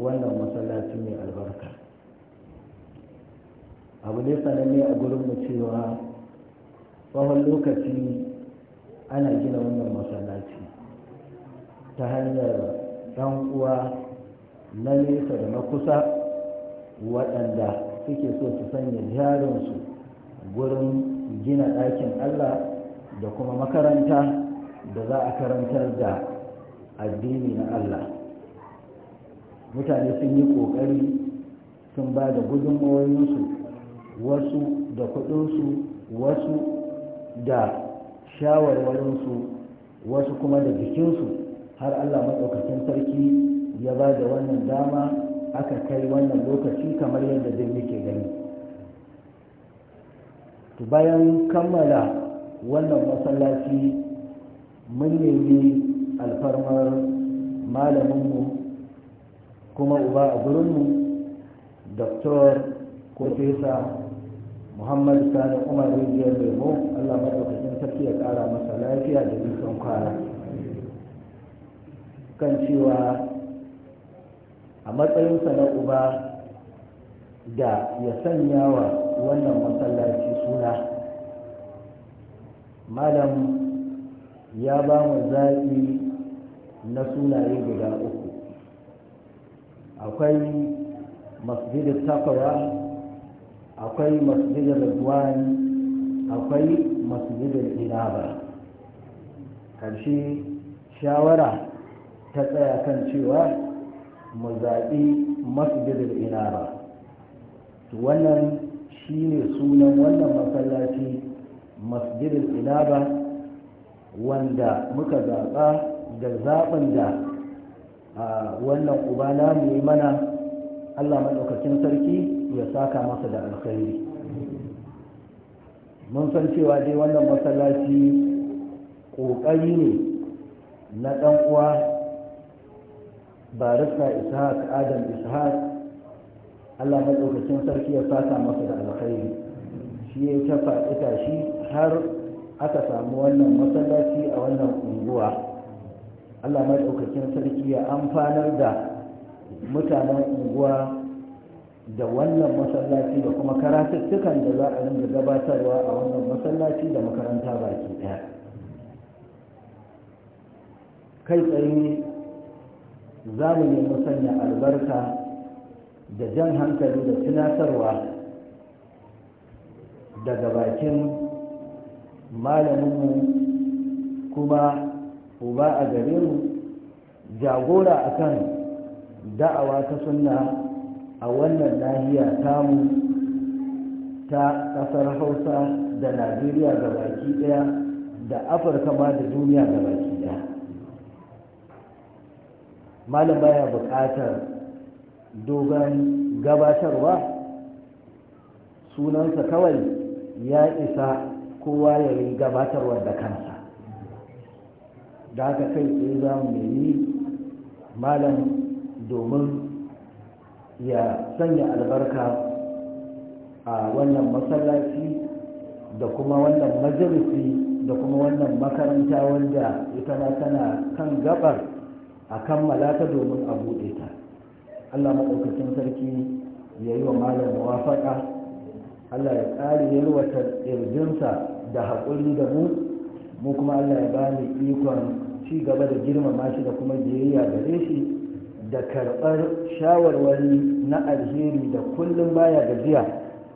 wannan masallaci mai albarka abu ne sananne a gurinmu cewa tsawon lokaci ana gina wannan masallaci ta hanyar ɗan uwa na nesa da na kusa waɗanda suke so su sanya jarinsu gurin gina ɗakin allah da kuma makaranta da za a karantar da addini na allah mutane sun yi ƙoƙari sun ba da gudunmawoyinsu wasu da kuɗinsu wasu da shawarwarinsu wasu kuma da jikinsu har allah maɗaukakin sarki ya ba da wannan dama aka kai wannan lokaci kamar yadda zai muke gani bayan kammala wannan masallaci mun nemi alfarmar malaminmu kuma uba a gurinmu doktor kofesa muhammadu sani umar rijiyar lemo allah maɗaukakin sarki ya ƙara masa lafiya da nisan kwara. kan cewa a matsayinsa na uba da ya sanya wa wannan masallaci suna malam ya ba mu zaɓi na sunaye guda uku akwai masjidin takawa akwai masjidin rizwani akwai masjidin inaba karshe shawara ta tsaya kan cewa mu zaɓi masjidin inaba wannan shi ne sunan wannan masallaci masjidin inaba wanda muka zaɓa da zaɓin da wannan uba na mai mana allah maɗaukakin sarki ya saka masa da alkhairi mun san cewa dai wannan masallaci ƙoƙari ne na ɗan uwa barista ishaq adam ishaq allah maɗaukacin sarki ya saka masa da alkhairi shi ya ta faɗi shi har aka samu wannan masallaci a wannan unguwa Allah mai daukakin sarki ya amfanar da mutanen unguwa da wannan masallaci da kuma karatuttukan da za a rinka gabatarwa a wannan masallaci da makaranta baki ɗaya. kai tsaye za mu yi musanya albarka da jan hankali da tunatarwa daga bakin malaminmu kuma uba a gare mu jagora akan da'awa ta sunna a wannan nahiya tamu ta ƙasar hausa da najeriya baki ɗaya da afirka ma da duniya baki ɗaya malam baya buƙatar dogon gabatarwa sunansa kawai ya isa kowa ya yi gabatarwar da kansa da haka kai tsaye za mu nemi malam domin ya sanya albarka a wannan masallaci da kuma wannan majalisi da kuma wannan makaranta wanda ita ma tana kan gabar a kammala ta domin a buɗe ta allah maɗaukacin sarki ya yi wa malam muwafaƙa allah ya ƙari yalwata ƙirjinsa da haƙuri da mu mu kuma Allah ya ba ikon ci gaba da girmama shi da kuma biyayya gare shi da karɓar shawarwari na alheri da kullum baya gajiya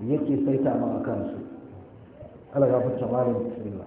yake saita ma a kansu Allah ya fi tamarin bismillah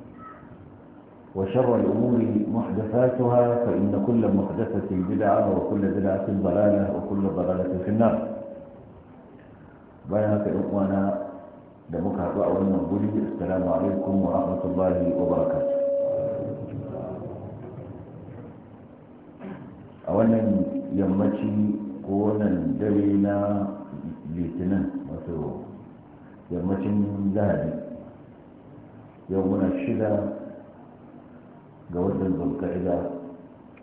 وشر الأمور محدثاتها فإن كل محدثة بدعة وكل بدعة ضلالة وكل ضلالة في النار بيانات إخوانا دمك هدوء بولي السلام عليكم ورحمة الله وبركاته أولا يمتي قونا درينا لتنا وتو يمتي ذهبي يومنا الشدة ga watan zulka'ida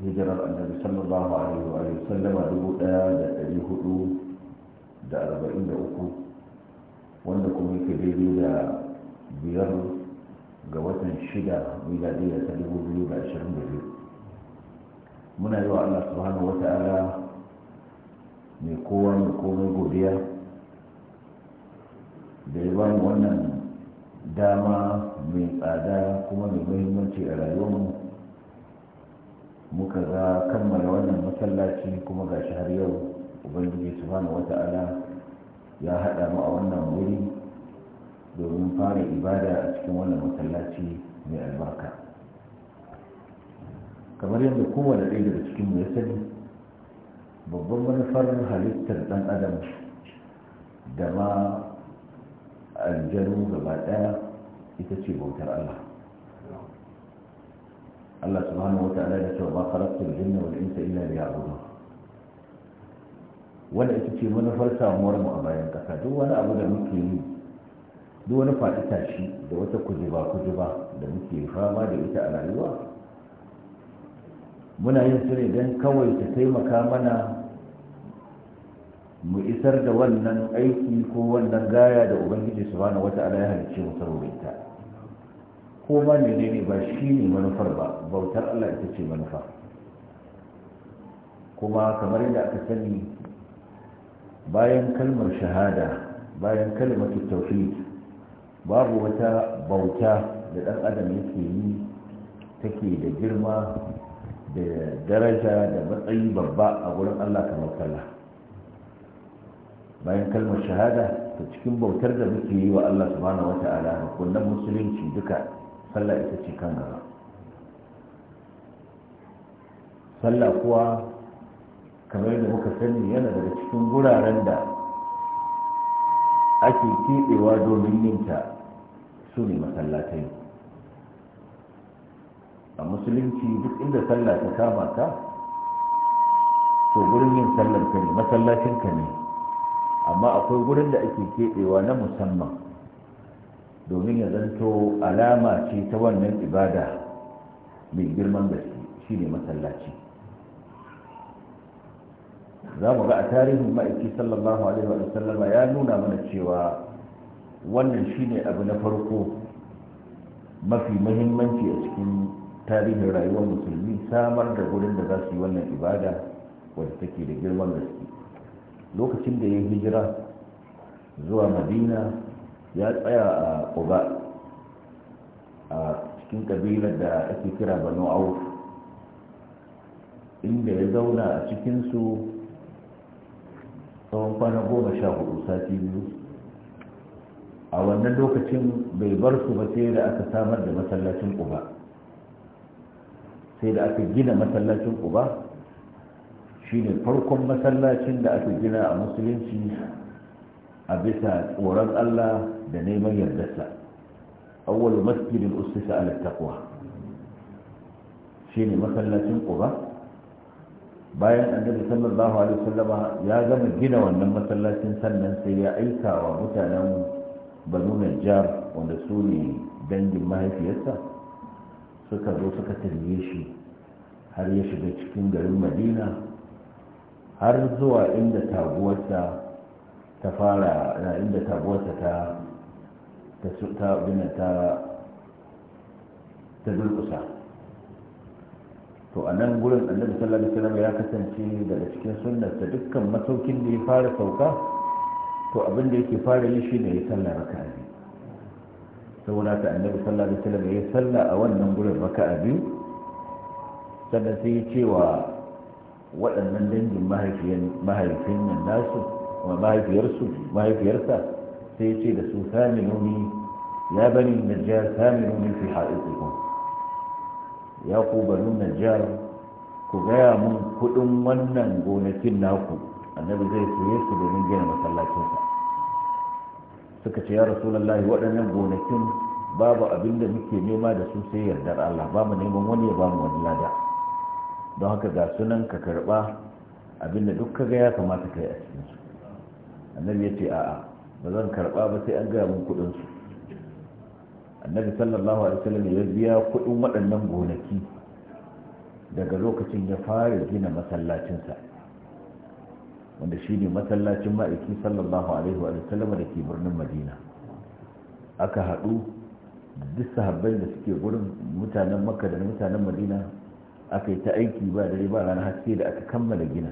hijirar annabi sallallahu alaihi wa sallama dubu daya da dari hudu da arba'in da uku wanda kuma yake daidai da biyar ga watan shida miladiyya ta dubu biyu da ashirin da biyu muna yi wa allah subhanahu wa ta'ala mai kowa mai komai godiya da ya bani wannan dama mai tsada kuma mai muhimmanci a rayuwarmu muka ga kammala wannan masallaci kuma gashi har yau ubangiji subhanahu wata'ala ya haɗa mu a wannan wuri domin fara ibada a cikin wannan masallaci mai albarka kamar yadda kowane ɗaya daga cikinmu ya sani babban manufar halittar ɗan adam da ma aljanu gaba ɗaya ita ce bautar allah Allah subhanahu wa ta'ala da ce ba khalaqtul jinna wal insa illa liya'budun wanda ita ce manufar samuwar mu a bayan kasa duk wani abu da muke yi duk wani faɗi tashi da wata kujiba kujiba da muke fama da ita a rayuwa muna yin su ne don kawai ta taimaka mana mu isar da wannan aiki ko wannan gaya da ubangiji subhanahu wa ta'ala ya halicce mu saboda ita ko ba ne ne ba shi ne manufar ba bautar Allah ita ce manufa kuma kamar yadda aka sani bayan kalmar shahada bayan kalmar tauhid babu wata bauta da ɗan adam yake yi take da girma da daraja da matsayi babba a wurin Allah kamar kala bayan kalmar shahada ta cikin bautar da muke yi wa Allah subhanahu wata'ala rukunan musulunci duka sallah ita ce kan gaba sallah kuwa kamar da muka sani yana daga cikin guraren da ake keɓewa domin yinta su ne masallatai a musulunci duk inda sallah ta kama ka to gurin yin sallar ka ne masallacin ka ne amma akwai gurin da ake keɓewa na musamman domin ya zanto alama ce ta wannan ibada mai girman gaske shi ne masallaci za mu ga a tarihin ma'aiki sallallahu alaihi wa sallama ya nuna mana cewa wannan shi ne abu na farko mafi mahimmanci a cikin tarihin rayuwar musulmi samar da gurin da za su yi wannan ibada wadda take da girman gaske lokacin da ya hijira zuwa madina ya tsaya a ƙuba a cikin ƙabilar da ake kira banu auf inda ya zauna a cikinsu tsawon kwana goma sha hudu sati biyu a wannan lokacin bai bar su ba sai da aka samar da masallacin ƙuba sai da aka gina masallacin ƙuba ne farkon masallacin da aka gina a musulunci a bisa tsoron Allah da neman yardarsa awwal masjidin usisa ala taqwa shine masallacin quba bayan annabi sallallahu alaihi wasallama ya gama gina wannan masallacin sannan sai ya aika wa mutanen banu najjar wanda su ne dangin mahaifiyarsa suka zo suka tarye shi har ya shiga cikin garin madina har zuwa inda taguwarsa ta fara yayin da taguwarta ta ta gina ta ta durkusa to a nan gurin annabi sallallahu alaihi wasallam ya kasance daga cikin ta dukkan masaukin da ya fara sauka to abin da yake fara yi shine ya sallah raka'a biyu saboda ta annabi sallallahu alaihi wasallam ya salla a wannan gurin raka'a biyu sannan sai ya ce wa waɗannan dangin mahaifin nan nasu mahaifiyarsu mahaifiyarsa sai ce da su saminuni ya bani najjar saminuni fi haɗiƙiƙun ya ku banu najjar ku gaya mun kuɗin wannan gonakin naku annabi zai saye su domin gina masallacinsa suka ce ya rasulallah waɗannan gonakin babu abin da muke nema da su sai yardar Allah ba mu neman wani ya ba mu wani lada don haka ga sunan ka karɓa abin da duk ka ga ya kamata ka yi a cikinsu annabi ya ce a'a ba zan karba ba sai an gaya mun kudin su annabi sallallahu alaihi wasallam ya biya kudin waɗannan gonaki daga lokacin ya fara gina masallacinsa wanda shi ne masallacin ma'aiki sallallahu alaihi wa da ke birnin madina aka haɗu duk sahabbai da suke gurin mutanen makka da mutanen madina aka yi ta aiki ba dare ba rana haske da aka kammala gina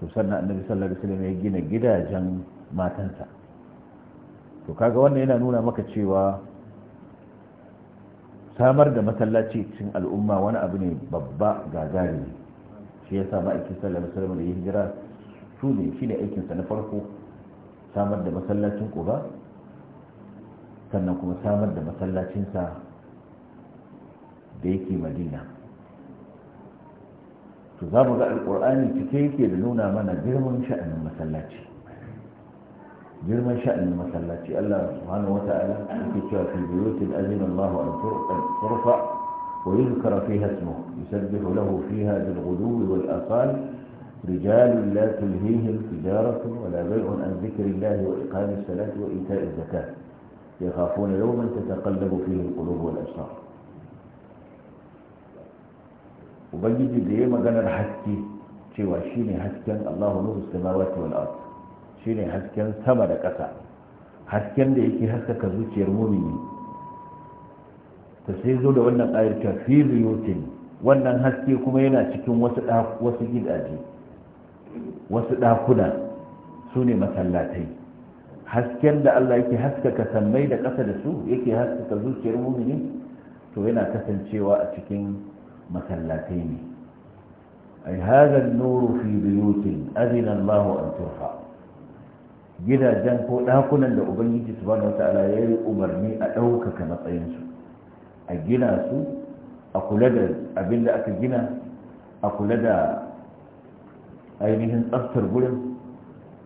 to sannan annabi sallallahu alaihi wasallam ya gina gidajen matansa to kaga wannan yana nuna maka cewa samar da masallaci cikin al'umma wani abu ne babba gagari shi ya sa ma'aiki sallallahu alaihi wasallam da ya hijira su ne shi ne aikinsa na farko samar da masallacin kuba sannan kuma samar da masallacinsa da yake madina to za mu ga alƙur'ani cike yake da nuna mana girman sha'anin masallaci girman sha'anin masallaci Allah subhanahu wa ta'ala yake cewa fi buyutin azina Allah an turfa wa yuzkara fiha ismuhu yusabbihu lahu fiha bil ghudwi wal asal رجال لا تلهيهم تجارة ولا بيع عن ذكر الله وإقام الصلاة وإيتاء الزكاة يخافون يوما تتقلب فيه القلوب والأبصار ubangiji da ya maganar haske cewa shine hasken Allahu nuru samawati wal ard shine hasken sama da ƙasa hasken da yake haskaka zuciyar mumini ta sai zo da wannan ayar ta fi wannan haske kuma yana cikin wasu wasu gidaje wasu ɗakuna su ne masallatai hasken da Allah yake haskaka sammai da ƙasa da su yake haskaka zuciyar mumini to yana kasancewa a cikin masallatai ne ai hadha an-nuru fi buyutin azina Allahu an gidajen ko dakunan da ubangiji subhanahu wataala ya yi umarni a ɗaukaka matsayinsu a gina su a kula da abin da aka gina a kula da ainihin tsaftar gurin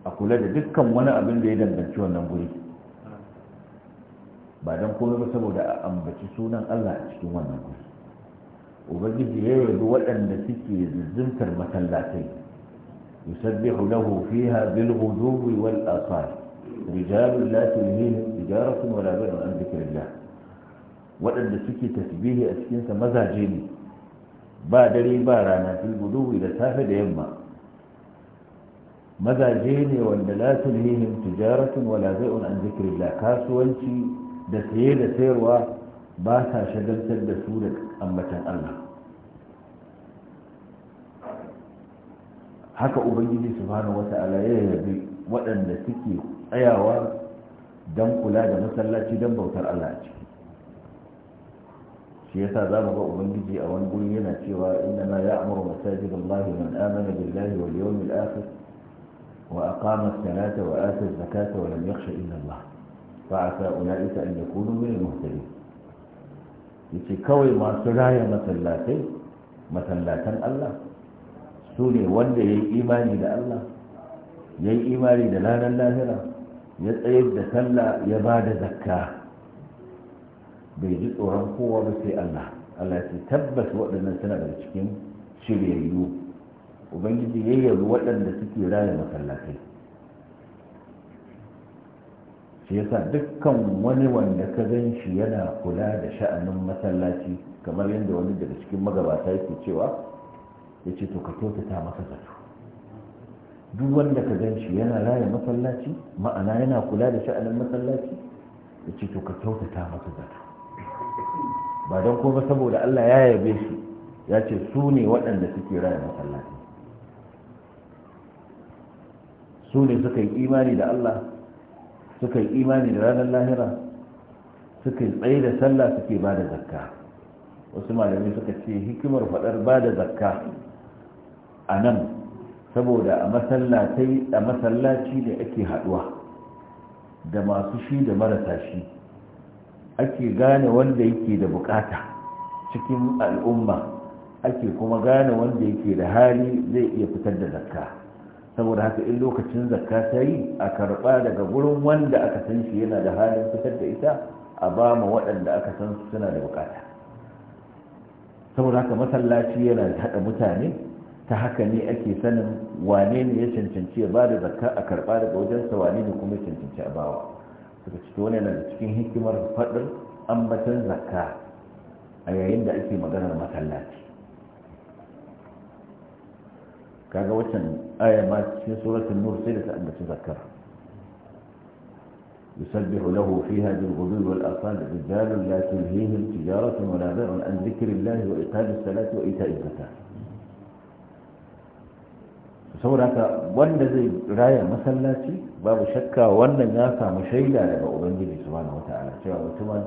a kula da dukkan wani abin da ya danganci wannan guri ba don komai ba saboda a ambaci sunan Allah cikin wannan guri ubangiji ya yabi waɗanda suke zuntar masallatai yusabbihu lahu fiha bil ghuduwi wal asal rijalun la tulhihim tijaratun wala bai'un an dhikrillah waɗanda suke tasbihi a cikin sa mazaje ne ba dare ba rana fil ghuduwi da safe da yamma mazaje ne wanda la tulhihim tijaratun wala bai'un an dhikrillah kasuwanci da saye da sayarwa ba sa shagaltar da su da ambatan Allah haka ubangiji subhanahu wata'ala ya yabi waɗanda suke tsayawa don kula da masallaci don bautar Allah a ciki shi yasa za mu ba ubangiji a wani guri yana cewa ya ma ya'muru masajid Allah man amana billahi wal yawmil akhir wa aqama as-salata wa ata zakata wa lam yakhsha illa Allah fa asa ulaika an yakunu min al yace kawai masu raya masallatai masallatan Allah su ne wanda ya yi imani da Allah ya yi imani da ranar lahira ya tsayar da sallah ya ba da zakka bai ji tsoron kowa ba sai Allah Allah ya ce tabbas waɗannan suna daga cikin shiryayyu ubangiji ya waɗanda suke raya masallatai shi yasa dukkan wani wanda ka gan shi yana kula da sha'anin masallaci kamar yadda wani daga cikin magabata yake cewa ya ce to ka kyautata masa zato duk wanda ka gan shi yana raya masallaci ma'ana yana kula da sha'anin masallaci ya ce to ka kyautata masa zato ba don kuma saboda Allah ya yabe shi ya ce su ne waɗanda suke raya masallaci su ne suka yi imani da Allah suka yi imani da ranar lahira suka tsaye da sallah suke ba da zakka wasu malami suka ce hikimar faɗar ba da zakka a nan saboda a masallaci da ake haɗuwa da masu shi da marasa shi ake gane wanda yake da bukata cikin al'umma ake kuma gane wanda yake da hali zai iya fitar da zakka saboda haka in lokacin zakka ta yi a karɓa daga gurin wanda aka san shi yana da halin fitar da ita a ba ma waɗanda aka san su suna da bukata saboda haka masallaci yana haɗa mutane ta haka ne ake sanin wane ne ya cancanci ya ba da zakka a karɓa daga wajensa wane ne kuma ya cancanci a bawa suka ci wani yana da cikin hikimar faɗin ambatan zakka a yayin da ake maganar masallaci kaga wacan aya ma cikin suratul nur sai da an tsakar يسبح له فيها بالغدو والأصال رجال لا تلهيه التجارة ولا بيع عن ذكر الله وإقاد الصلاة وإيتاء الزكاة سورة هذا وان رأي مثلا باب شكا وان نافع مشيلا لما أبنجي سبحانه وتعالى شكا وتمن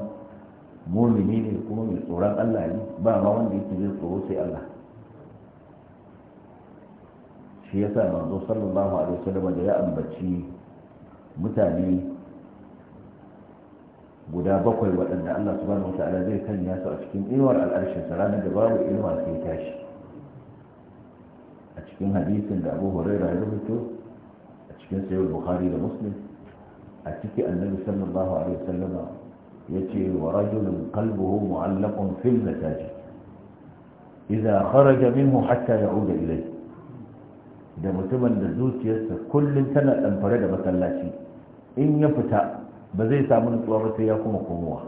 مؤمنين يقومون من الله عليه باب وان يتجي القروس الله shi yasa manzo sallallahu alaihi wasallam da ya ambaci mutane guda bakwai waɗanda Allah subhanahu wata'ala zai sanya su a cikin inuwar al'arshin ranar da babu inuwa sai tashi a cikin hadisin da Abu Hurairah ya rubuto a cikin sayyid Bukhari da Muslim a ciki annabi sallallahu alaihi wasallama ce wa rajulun qalbuhu mu'allaqun fil masajid idza kharaja minhu hatta ya'uda ilayhi da mutumin da zuciyarsa kullum tana ɗanfare da masallaci in ya fita ba zai samu nutsuwa ba sai ya kuma komowa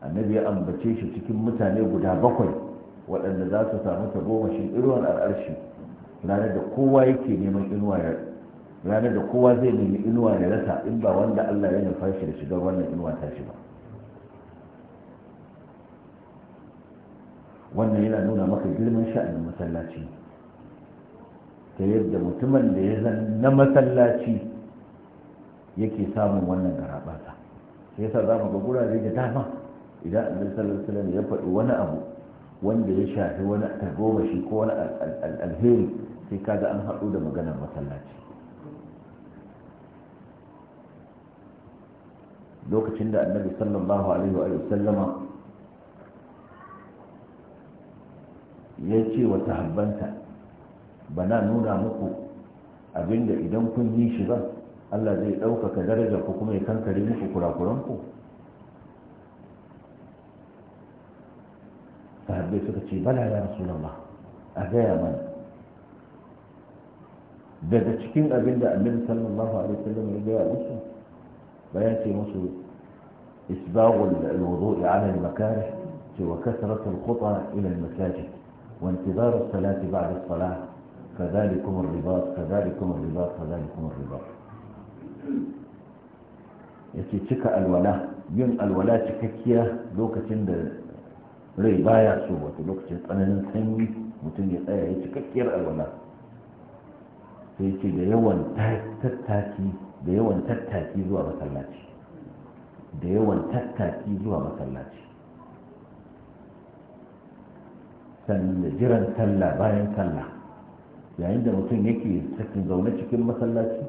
annabi ya ambace shi cikin mutane guda bakwai waɗanda za su samu shi irwan al'arshi ranar da kowa yake neman inuwa ya ranar da kowa zai nemi inuwa ya rasa in ba wanda allah ya nufa shi da shigar wannan inuwa ta shi ba wannan yana nuna maka girman sha'anin masallaci ta yadda mutumin da ya zan na masallaci yake samun wannan karabata sai yasa za mu ga gurare da dama idan annabi sallallahu alaihi ya faɗi wani abu wanda ya shafi wani tagomashi ko wani alheri sai kaga an haɗu da maganar masallaci lokacin da annabi sallallahu alaihi wa sallama ya ce wa sahabbansa bana nuna muku abinda idan kun yi shi ba Allah zai ɗaukaka daraja ku kuma ya kankare muku kurakuranku sahabbai suka ce bala ya rasulullah a gaya mana daga cikin abin da annabi sallallahu alaihi wasallam ya gaya musu bayan ce musu isbagul alwudu'i ala al-makarih ce wa kasratu al-khuta ila al-masajid wa intizar as-salati ba'da as-salah كذلكم الرباط كذلكم الرباط كذلكم الرباط yace cika alwala yin alwala cikakkiya lokacin da rai baya so wato lokacin tsananin sanyi mutum ya tsaya ya cikakkiyar alwala sai ce da yawan tattaki da yawan tattaki zuwa masallaci da yawan tattaki zuwa masallaci sannan da jiran sallah bayan sallah yayin da mutum yake cikin zaune cikin masallaci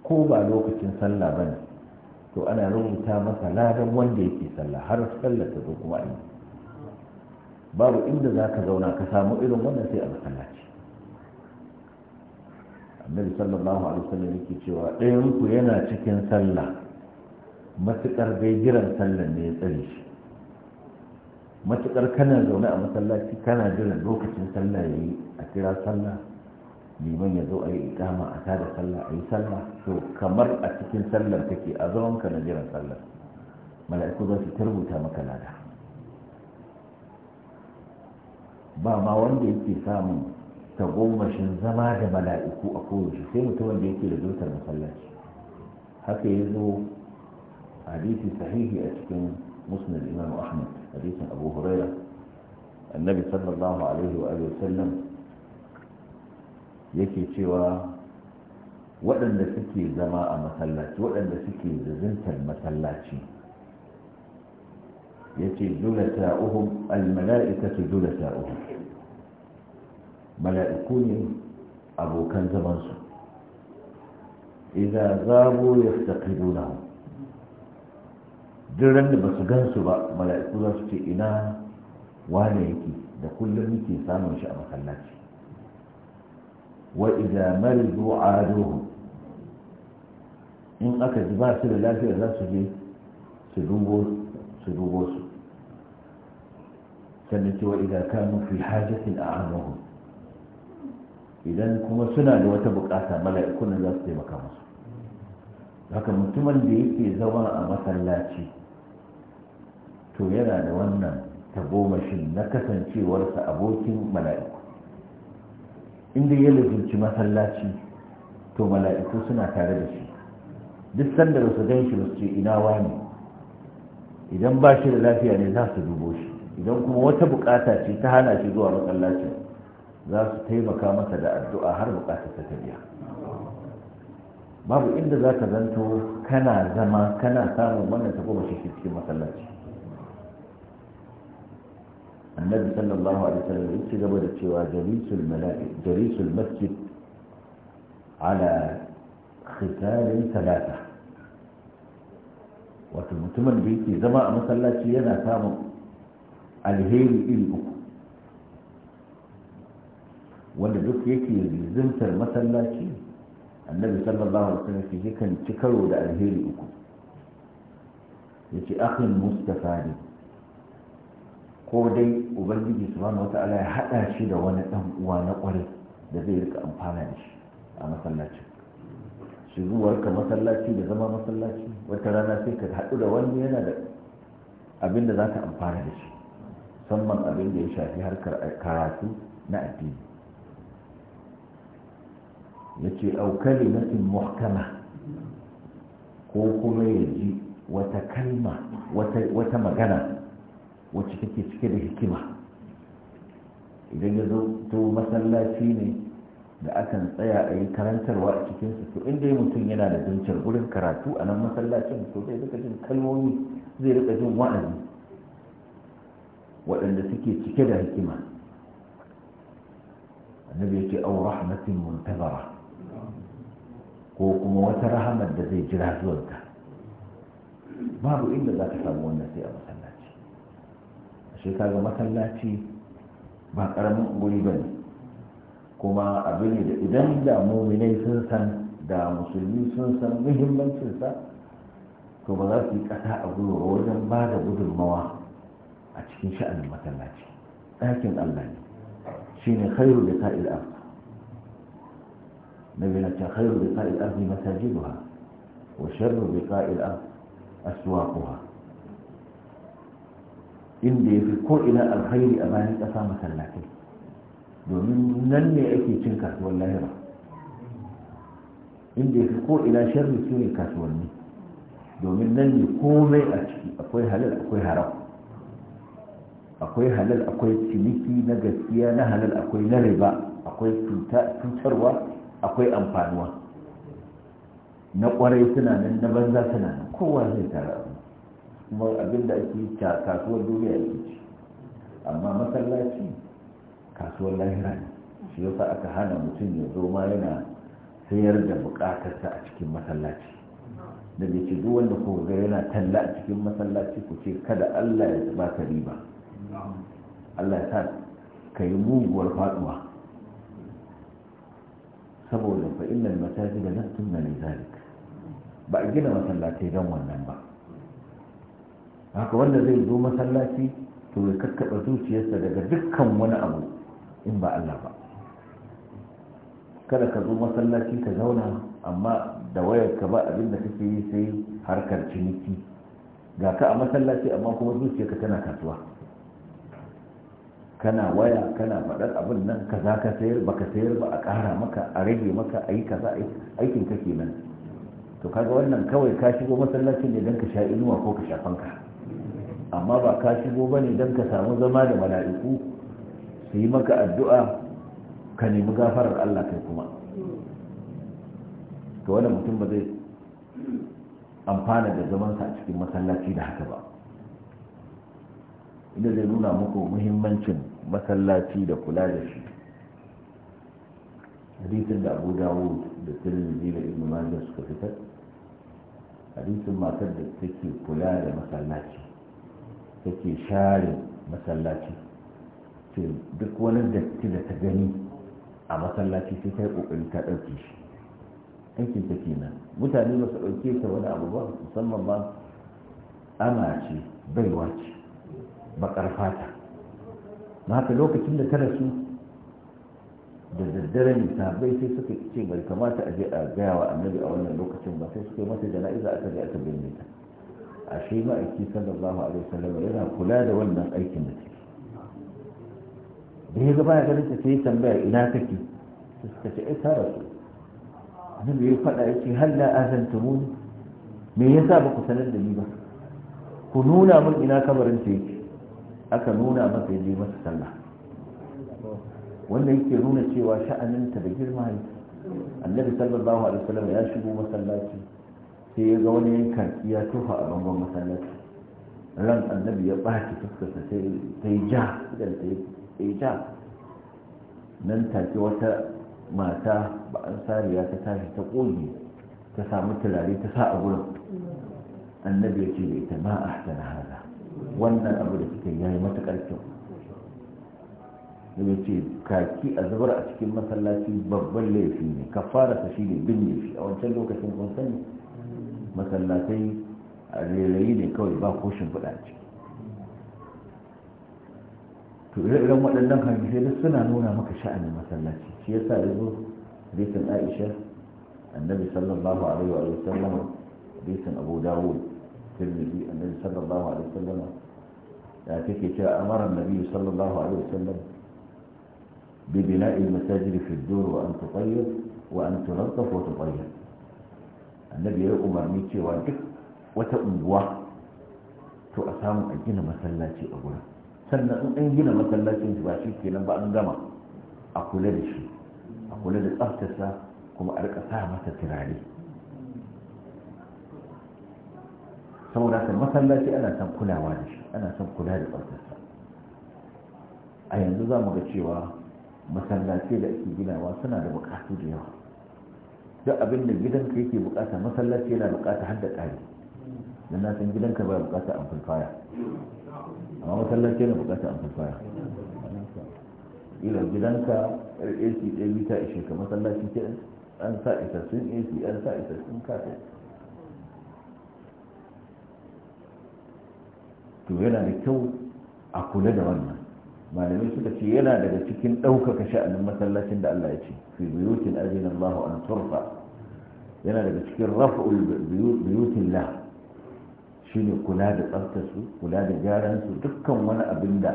ko ba lokacin sallah ba ne to ana rubuta masa ladan wanda yake sallah har sallah ta zo kuma a babu inda za ka zauna ka samu irin wannan sai a masallaci annabi sallallahu alaihi wasallam yake cewa ɗayan ku yana cikin sallah matuƙar dai jiran sallah ne ya tsare shi matuƙar kana zaune a masallaci kana jiran lokacin sallah yayi a kira sallah liman ya zo a yi ikama a tada sallah a yi sallah to kamar a cikin sallar take a zaman ka na jiran sallar mala'iku za su tarbuta maka lada ba ma wanda yake samun tagomashin zama da mala'iku a koyaushe sai mutum wanda yake da dotar masallaci haka ya zo hadisi sahihi a cikin musnad imam ahmad hadisin abu huraira annabi sallallahu alaihi wa sallam yake cewa waɗanda suke zama a masallaci waɗanda suke zazantar masallaci ya ce dulata uhun almala'ika su dulata uhun mala'iku ne abokan zamansu idan zabo ya fi duk ran da ba su gansu ba mala'iku za su ce ina wane yake da kullum yake samun shi a masallaci wa idza maridu aduhum in aka ji ba su da lafiya za su je su dubo su dubo su sannan ce wa idan a amurhu idan kuma suna da wata bukata mala'ikunan za su taimaka musu haka mutumin da yake zama a masallaci to yana da wannan tagomashin na kasancewarsa abokin mala'iku inda ya lubinci masallaci to mala'iku suna tare da shi duk sanda da su gan shi su ce ina wani idan ba shi da lafiya ne za su dubo shi idan kuma wata bukata ce ta hana shi zuwa masallacin za su taimaka masa da addu'a har bukatar ta tafiya babu inda za ka zanto kana zama kana samun wannan tafi shi cikin masallaci annabi sallallahu alaihi wasallam ya ci gaba da cewa jalisul mala'i jalisul masjid ala khitalin talata wato mutumin da yake zama a masallaci yana samun alheri iri uku wanda duk yake zimtar masallaci annabi sallallahu alaihi wasallam yake kan ci karo da alheri uku yace akhin mustafadi ko dai ubangiji wata wata'ala ya haɗa shi da wani dan uwa na kwarai da zai rika amfana da shi a masallaci shi zuwarka masallaci da zama masallaci wata rana sai ka haɗu da wani yana da abin da za ka amfana da shi musamman abin da ya shafi harkar karatu na addini ya ce aukali matin muhkama ko kuma ya ji wata kalma wata magana wacce take cike da hikima idan ya zo to masallaci ne da akan tsaya a yi karantarwa a cikinsu to inda ya mutum yana da zunciyar gurin karatu a nan masallacin to zai rika jin kalmomi zai rika jin wa'azi waɗanda suke cike da hikima annabi yake ce au rahmatin muntazara ko kuma wata rahamar da zai jira zuwanka babu inda za ka samu wannan sai a sai kaga masallaci ba karamin guri ba ne kuma abu ne da idan da muminai sun san da musulmi sun san muhimmancinsa to ba za su yi ƙasa a gwiwa wajen ba da gudunmawa a cikin sha'anin masallaci ɗakin allah ne shi ne khairu da sa'il arzi na biyu ta khairu da sa'il arzi masajiduha wa sharru da sa'il arzi aswaquha inda ya fi ko'ina alkhairi a bayan ƙasa masallatai domin nan ne ake cin kasuwar lahira inda ya fi ko'ina sharri su ne kasuwanni domin nan ne komai a ciki akwai halal akwai haram akwai halal akwai ciniki na gaskiya na halal akwai na riba akwai cutarwa akwai amfanuwa na kwarai suna nan na banza suna nan kowa zai tara abinci kuma abinda ake yi kasuwar duniya ne ci amma masallaci kasuwar lahira ne shi yasa aka hana mutum ya zo ma yana sayar da bukatarsa a cikin masallaci da bai ce duk wanda ko ga yana talla a cikin masallaci ku ce kada Allah ya ba ka riba Allah ya sa ka yi muguwar faduwa saboda fa da masajida lam tumna zalik ba a gina masallatai don wannan ba haka wanda zai zo masallaci to ya kakkaɓa zuciyarsa daga dukkan wani abu in ba Allah ba kada ka zo masallaci ka zauna amma da wayar ka ba abin da kake yi sai harkar ciniki ga ka a masallaci amma kuma zuciyarka tana kasuwa kana waya kana faɗar abin nan kaza ka sayar baka sayar ba a ƙara maka a rage maka a yi kaza aikin ka kenan to kaga wannan kawai ka shigo masallacin ne don ka sha inuwa ko ka sha fanka amma ba ka shigo ba ne don ka samu zama da mala'iku su yi maka addu'a ka nemi gafarar Allah kai kuma to wani mutum ba zai amfana da zamansa a cikin masallaci da haka ba inda zai nuna muku muhimmancin masallaci da kula da shi hadisin da abu dawo da tirmidhi da ibn majah suka fitar hadisin matar da take kula da masallaci take share masallaci duk wani datti da ta gani a masallaci sai ta yi ƙoƙari ta ɗauke shi aikin ta kenan mutane masu ɗauke ta wani abu ba musamman ba ana ce baiwa ce baƙar fata na haka lokacin da ta rasu da daddare ne sahabbai sai suka ce bai kamata a je a gaya wa annabi a wannan lokacin ba sai suka yi mata jana'iza aka a aka binne ta a shi ma'aiki sallallahu alaihi wasallam yana kula da wannan aikin da ke da ya gaba ya ganin ta sai tambaya ina kake su suka ce ai eh, tara su annabi ya faɗa ya ce halla azantumuni me yasa ba ku sanar da ni ba ku nuna min ina kabarin ta yake aka nuna masa ya je masa sallah wanda yake nuna cewa sha'aninta da girma yake annabi sallallahu alaihi wasallam ya shigo masallaci sai ya ga wani yankan ya tufa a bangon masallaci ran annabi ya ɓaci fuskarsa sai ta yi ja idan ta yi ja nan take wata mata ba an sariya ta tashi ta ƙoge ta samu turare ta sa a gurin annabi ya ce da ita ma a na haza wannan abu da kika yayi matuƙar kyau ya ce kaki a zubar a cikin masallaci babban laifi ne ta shi ne bin laifi a wancan lokacin kun sani masallatai a rairayi ne kawai ba koshin shimfiɗa a ciki to ire-iren waɗannan hadisai da suna nuna maka sha'anin masallaci shi yasa ya zo hadisin aisha annabi sallallahu alaihi wa sallama hadisin abu dawud tirmidhi annabi sallallahu alaihi wa sallama ya take cewa amara annabi sallallahu alaihi wa sallam bi bina'i fi ببناء wa an الدور wa an وأن wa وتطير annabi ya umarni cewa duk wata unguwa to a samu a gina masallaci a gurin sannan in an gina masallacin ba shi nan ba an gama a kula da shi a kula da tsaftarsa kuma a rika sa masa turare saboda kan masallaci ana son kulawa da shi ana son kula da tsaftarsa a yanzu za mu ga cewa masallaci da ake ginawa suna da bukatu da yawa duk abin da gidanka yake bukata masallaci yana bukata har da ƙari don na san gidanka ba bukata amfulfaya amma masallaci yana bukata amfulfaya ila gidanka ac ɗaya mita ishe ka masallaci ke an sa isassun ac an sa isassun kafin to yana da kyau a kula da wannan malamai suka ce yana daga cikin ɗaukaka sha'anin masallacin da Allah ya ce fi buyutin azina Allahu an turfa yana daga cikin raf'ul buyutillah shine kula da tsaftar su kula da gyaran su dukkan wani abin da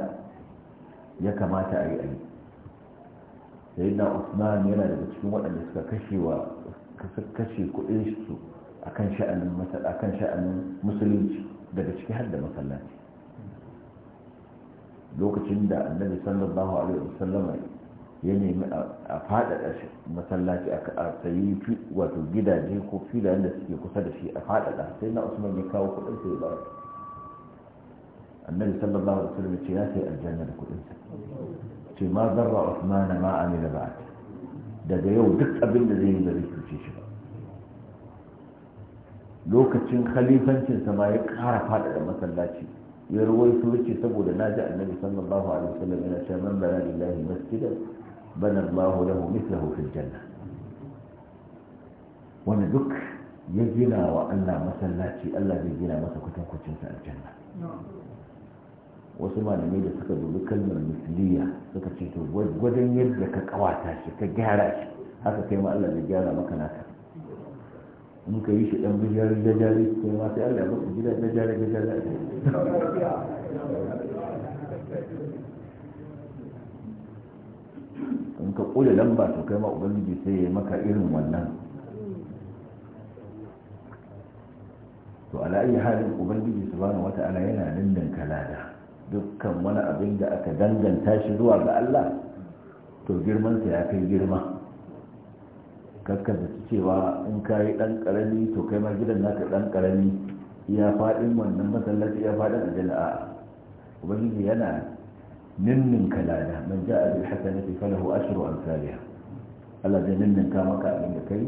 ya kamata a yi a yi na usman yana daga cikin waɗanda suka kashe kudin kuɗin su akan sha'anin sha'anin musulunci daga ciki har da masallaci lokacin da annabi sallallahu alaihi wasallam ya nemi a faɗaɗa masallaci a sayi wato gidaje ko filayen da suke kusa da shi a faɗaɗa sai na usman ya kawo kuɗin sai ba annabi sallallahu alaihi wasallam ce ya sai aljanna da kuɗin sa ce ma zarra usman ma amila ba'd daga yau duk abin da zai yi ba zai cuce shi ba lokacin khalifancin sa ma ya ƙara faɗaɗa masallaci ya rawaito ce saboda naji annabi sallallahu alaihi wasallam yana cewa man bana lillahi masjidan بنى الله له مثله في الجنة wanda duk ya gina wa Allah masallaci Allah zai gina masa kwatankwacin wasu malamai da suka dubi kalmar misliya suka ce to gwajen yadda ka kawata shi ka gyara shi haka kai ma Allah zai gyara maka naka in ka yi shi dan bijari da jari kai ma sai Allah ya baka gida da jari da jari in ka kula lamba to kai ma ubangiji sai ya maka irin wannan to ala ayi halin ubangiji subhanahu wata'ala yana dindin kalada dukkan wani abin da aka danganta shi zuwa ga Allah to girman sa ya kai girma kaskanta cewa in ka yi ɗan ƙarami to kai ma gidan naka ɗan ƙarami ya faɗin wannan masallaci ya faɗin a ubangiji yana ninnin kalada man ja'a na hasanati falahu ashru amsalha Allah zai ninnin ka maka abin da kai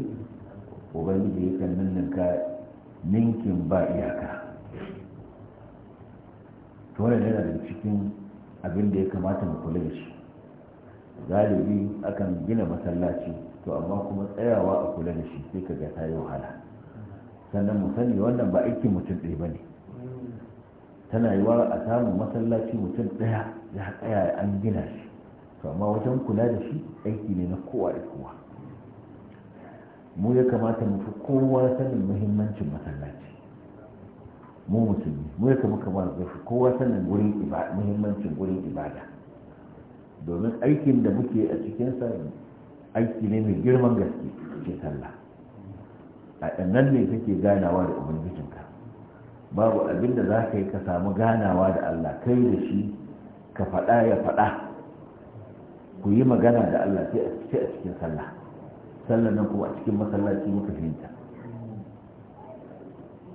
ubangiji yakan ninnin ka ninkin ba iyaka to yana da cikin abinda ya kamata mu kula da shi galibi akan gina masallaci to amma kuma tsayawa a kula da shi sai ka ga ta yi wahala sannan mu sani wannan ba aikin mutum ɗaya ba ne tana yi a samun masallaci mutum ɗaya ya tsaya an gina shi to amma wajen kula da shi aiki ne na kowa da kowa mu ya kamata mu fi kowa sanin muhimmancin masallaci mu musulmi mu ya kamata mu fi kowa sanin gurin ibada muhimmancin gurin ibada domin aikin da muke a cikin sa aiki ne mai girman gaske ce sallah a nan ne kake ganawa da ubangijinka babu abin da za ka yi ka samu ganawa da allah kai da shi ka faɗa ya faɗa ku yi magana da Allah sai a cikin sallah sallan nan kuma a cikin masallaci muka fahimta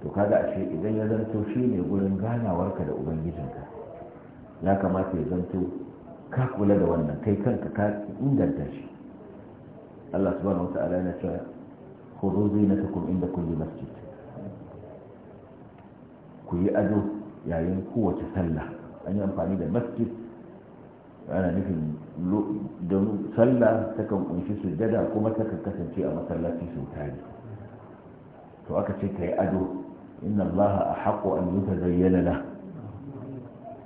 to kaga ashe idan ya zanto shi ne gurin ganawarka da ubangijinka ya kamata ya zanto ka kula da wannan kai kanka ka inganta shi Allah subhanahu wa ta'ala yana cewa khudhu zinatakum inda kulli masjid ku yi ado yayin kowace sallah an yi amfani da masjid ana nufin don sallah takan kunshi sujada kuma takan kasance a masallaci sau tari to aka ce ka yi ado inna Allah a haƙo an yi ta zayyana na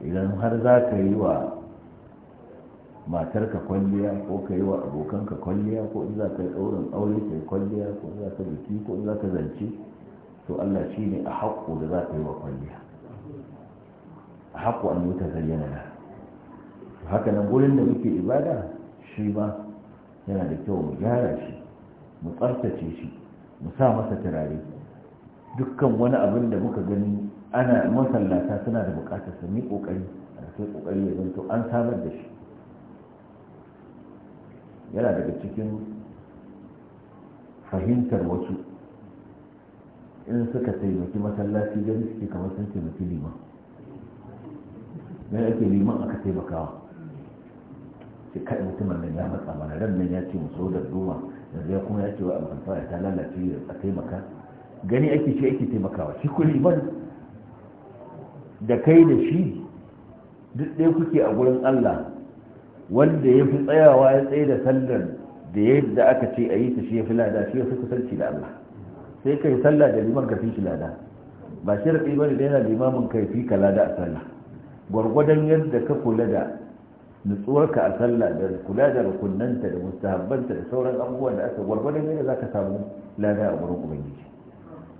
idan har za ka yi wa matarka kwalliya ko ka yi wa abokanka kwalliya ko in za ka yi ɗaurin aure ka yi kwalliya ko in za ka biki ko in za ka zance to Allah shi ne a haƙo da za ka yi wa kwalliya haƙo an yi ta zayyana na haka nan gurin da muke ibada shi ba yana da kyau mu gyara shi mu tsartace shi mu sa masa turare dukkan wani abin da muka gani ana masallata suna da bukatar su kokari a sai kokari ya zanto an samar da shi yana daga cikin fahimtar wasu in suka taimaki masallaci gani suke kamar sun taimaki liman na yake liman aka taimakawa sai kaɗa mutumin nan ya matsa mana ran nan ya ce mu so da duma yanzu ya kuma ya ce wa alfanfara ta lalace a taimaka gani ake ce ake taimakawa shi ku liman da kai da shi duk ɗaya kuke a gurin Allah wanda ya fi tsayawa ya tsaye da sallar da yadda aka ce a yi ta shi ya fi lada shi ya fi kusanci da Allah sai kai sallah da liman ka fi shi lada ba shi shirɗi bane da yana limamin kai fi ka lada a sallah gwargwadon yadda ka kula da nutsuwarka a sallah da kula da rukunanta da mustahabbanta da sauran abubuwan da aka gwargwadon yadda za ka samu lada a wurin ubangiji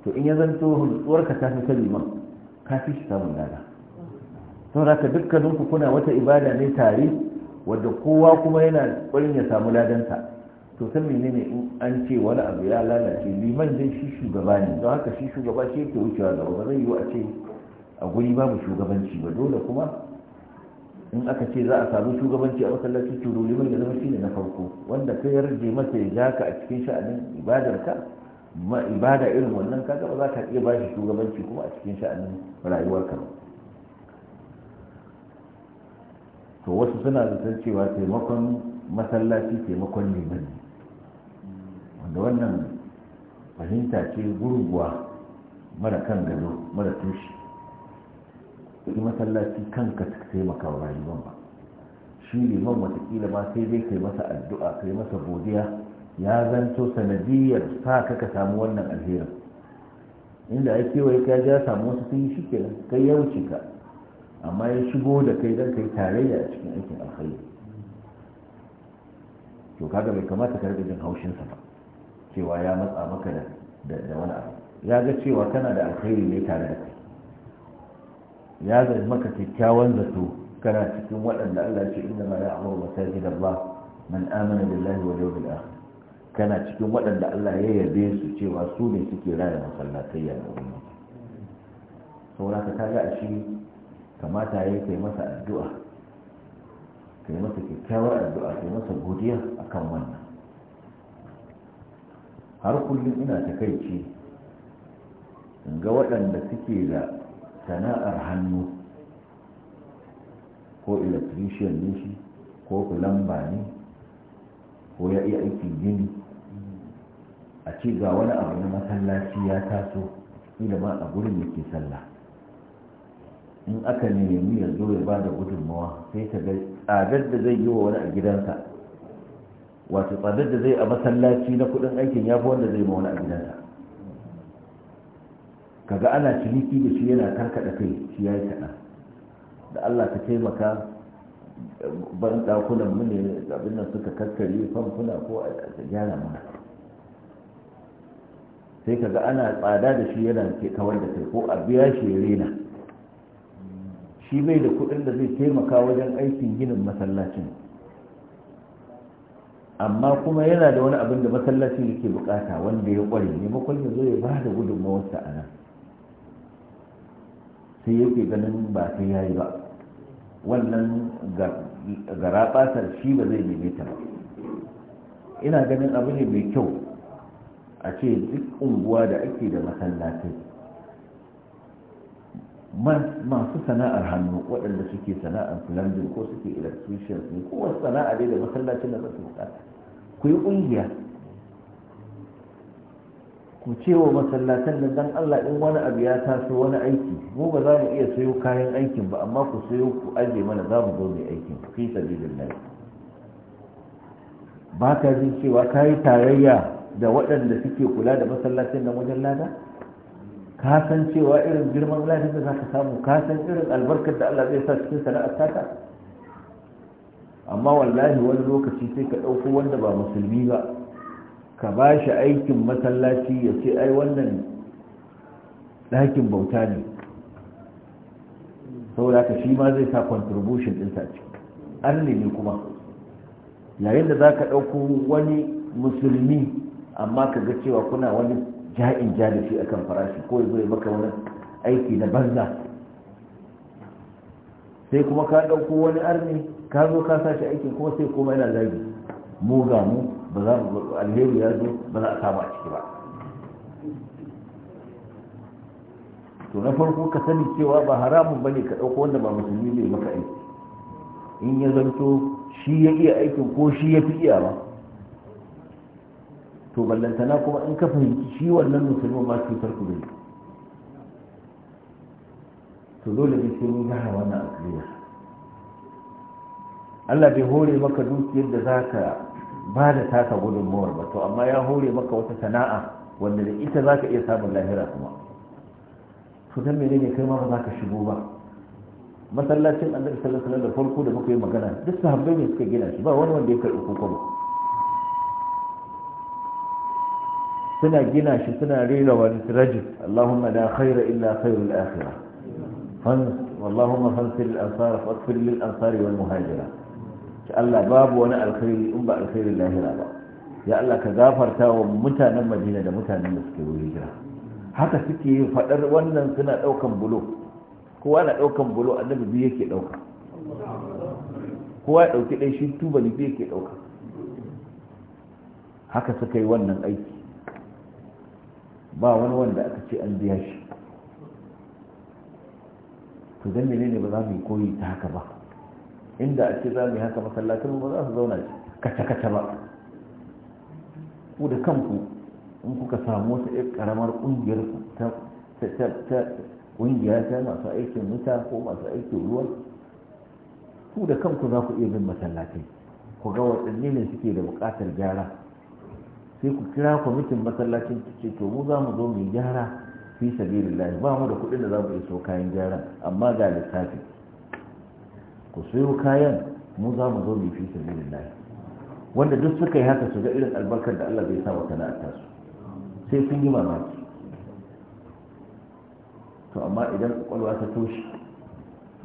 to in ya zanto nutsuwarka ta fi ta liman ka fi shi samun lada saboda ka dukkaninku kuna wata ibada ne tare wadda kowa kuma yana ƙwarin ya samu ladanta to san ne in an ce wani abu ya lalace liman dai shi shugaba ne don haka shi shugaba shi yake wucewa gaba ba zai yiwu a ce a guri babu shugabanci ba dole kuma in aka ce za a samu shugabanci a masallacin turu liman ya zama shine na farko wanda ka yarje masa ya ja ka a cikin sha'anin ibadarka ma ibada irin wannan kaga ba za ka iya bashi shugabanci kuma a cikin sha'anin rayuwarka ba to wasu suna zaton cewa taimakon masallaci taimakon liman ne wanda wannan fahimta ce gurguwa mara kan gado mara tushe yi masallaci kanka ka taimaka wa rayuwar ba shi liman watakila ma sai zai kai masa addu'a kai masa godiya ya zanto sanadiyar sa ka ka samu wannan alherin inda ya kewaye ka ja samu wasu sun yi shi ke kai ya wuce ka amma ya shigo da kai don kai tarayya a cikin aikin alkhairi to kaga bai kamata ka rika jin haushinsa ba cewa ya matsa maka da wani abu ya ga cewa kana da alkhairi ne tare da kai ya zai maka kyakkyawan zato kana cikin waɗanda Allah ce inna ma ya'muru masajid Allah man amana billahi wal yawmil akhir kana cikin waɗanda Allah ya yabe su cewa su ne suke raya masallatai ya ummi saboda ka kaga a shi kamata yayi kai masa addu'a kai masa kyakkyawar addu'a kai masa godiya akan wannan har kullum ina takaici in ga waɗanda suke da sana'ar hannu ko electrician ne shi ko plumber ne ko ya iya aikin gini a ce ga wani abu na masallaci ya taso ila ma a gurin yake sallah in aka nemi ya zo ya ba da gudunmawa sai ta ga tsadar da zai yi wa wani a gidansa wato tsadar da zai a masallaci na kudin aikin ya fi wanda zai ma wani a gidansa kaga ana ciniki da shi yana karkada kai shi ya yi kaɗa da allah ka taimaka ban ɗakunan mu ne abin nan suka karkare famfuna ko a gyara mana sai kaga ana tsada da shi yana ke kawar da kai ko a biya shi ya rena shi bai da kudin da zai taimaka wajen aikin ginin masallacin amma kuma yana da wani abin da masallacin yake bukata wanda ya kware maimakon ya zo ya ba da gudunmawarsa a nan sai yake ganin ba sai ya yi ba wannan garabatar shi ba zai neme ta ba ina ganin abu ne mai kyau a ce duk unguwa da ake da masallatai masu sana'ar hannu waɗanda suke sana'ar plumbing ko suke electricians ne ko sana'a dai da masallacin da su ku yi ƙungiya ku ce wa masallatan nan dan Allah in wani abu ya taso wani aiki mu ba za mu iya sayo kayan aikin ba amma ku sayo ku aje mana za mu zo mai aikin fi sabilillah ba ka ji cewa ka yi tarayya da waɗanda suke kula da masallacin nan wajen lada ka san cewa irin girman ladin za ka samu ka san irin albarkar da Allah zai sa cikin sana'ar taka amma wallahi wani lokaci sai ka ɗauko wanda ba musulmi ba ka ba shi aikin masallaci ya ce ai wannan ɗakin bauta ne saboda ka shi ma zai sa contribution ɗin ce an ne kuma yayin da za ka ɗauko wani musulmi amma ka ga cewa kuna wani ja'in ja akan farashi ko zai baka wani aiki na banza sai kuma ka ɗauko wani arni ka zo ka sa shi aikin kuma sai kuma yana zagi mu ga mu ba za alheri ya zo ba za a samu a ciki ba to na farko ka sani cewa ba haramun ba ne ka ɗauko wanda ba musulmi ne maka aiki in ya zanto shi ya iya aikin ko shi ya fi iya ba to ballantana kuma in ka fahimci shi wannan musulman ma su farko da to dole ne sai mun gara wannan aƙidar Allah bai hore maka dukiyar da za ka ba da taka gudunmuwar ba to amma ya hore maka wata sana'a wanda da ita za ka iya samun lahira kuma to dan mene ne kai ma ba za ka shigo ba masallacin annabi sallallahu alaihi da farko da muka yi magana duk sahabbai ne suka gina shi ba wani wanda ya karɓi kokoro suna gina shi suna rera wani rajul Allahumma la khaira illa khairul akhirah fan wallahumma fansir al-ansar faghfir lil ansari wal muhajira ta Allah babu wani alkhairi in ba alkhairin lahira ba ya Allah ka gafarta wa mutanen madina da mutanen da suke wuri jira haka suke faɗar wannan suna ɗaukan bulo kowa na ɗaukan bulo annabi biyu yake ɗauka kowa ya ɗauki ɗai shi ne biyu yake ɗauka haka suka yi wannan aiki ba wani wanda aka ce an biya shi to don menene ba za mu yi koyi ta haka ba inda ake za mu yi haka masallacin ba za su zauna kata-kata ba ku da kanku in kuka samu wata ɗaya ƙaramar ƙungiyar ta ta masu aikin wuta ko masu aikin ruwa ku da kanku za ku iya bin masallatai ku ga waɗanne ne suke da buƙatar gyara sai ku kira kwamitin masallacin ce to mu za mu zo mu gyara fi sabilillahi ba mu da kuɗin da za mu so kayan gyara amma ga lissafi ku sayo kayan mu za mu zo mu fi sabilillah wanda duk suka yi haka su ga irin albarkar da Allah zai sa wa sana'ar su, sai sun yi mamaki to amma idan kwakwalwa ta toshe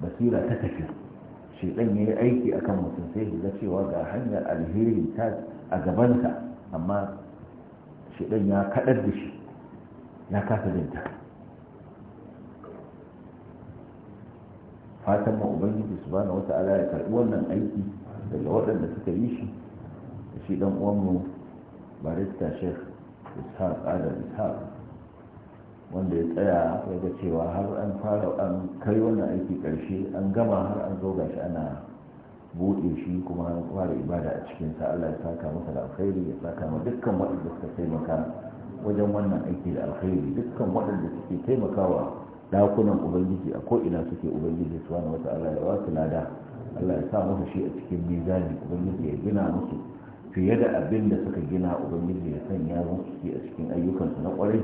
basira ta tafi shi dan yayi aiki akan mutum sai ga cewa ga hanyar alheri ta a gabansa amma shi ya kadar da shi ya kasa binta fatan mu ubangiji subhanahu wata'ala ya karbi wannan aiki daga waɗanda suka yi shi da shi dan uwan mu barista sheikh ishaq adam ishaq wanda ya tsaya ya ga cewa har an fara an kai wannan aiki karshe an gama har an zo gashi ana buɗe shi kuma an fara ibada a cikin sa Allah ya saka masa da alkhairi ya saka ma dukkan waɗanda suka taimaka wajen wannan aiki da alkhairi dukkan waɗanda suke taimakawa dakunan ubangiji a ko'ina suke ubangiji su wani wata allah ya su lada allah ya sa musu shi a cikin mizani ubangiji ya gina musu fiye da abin da suka gina ubangiji ya sanya musu shi a cikin ayyukansu na kwarai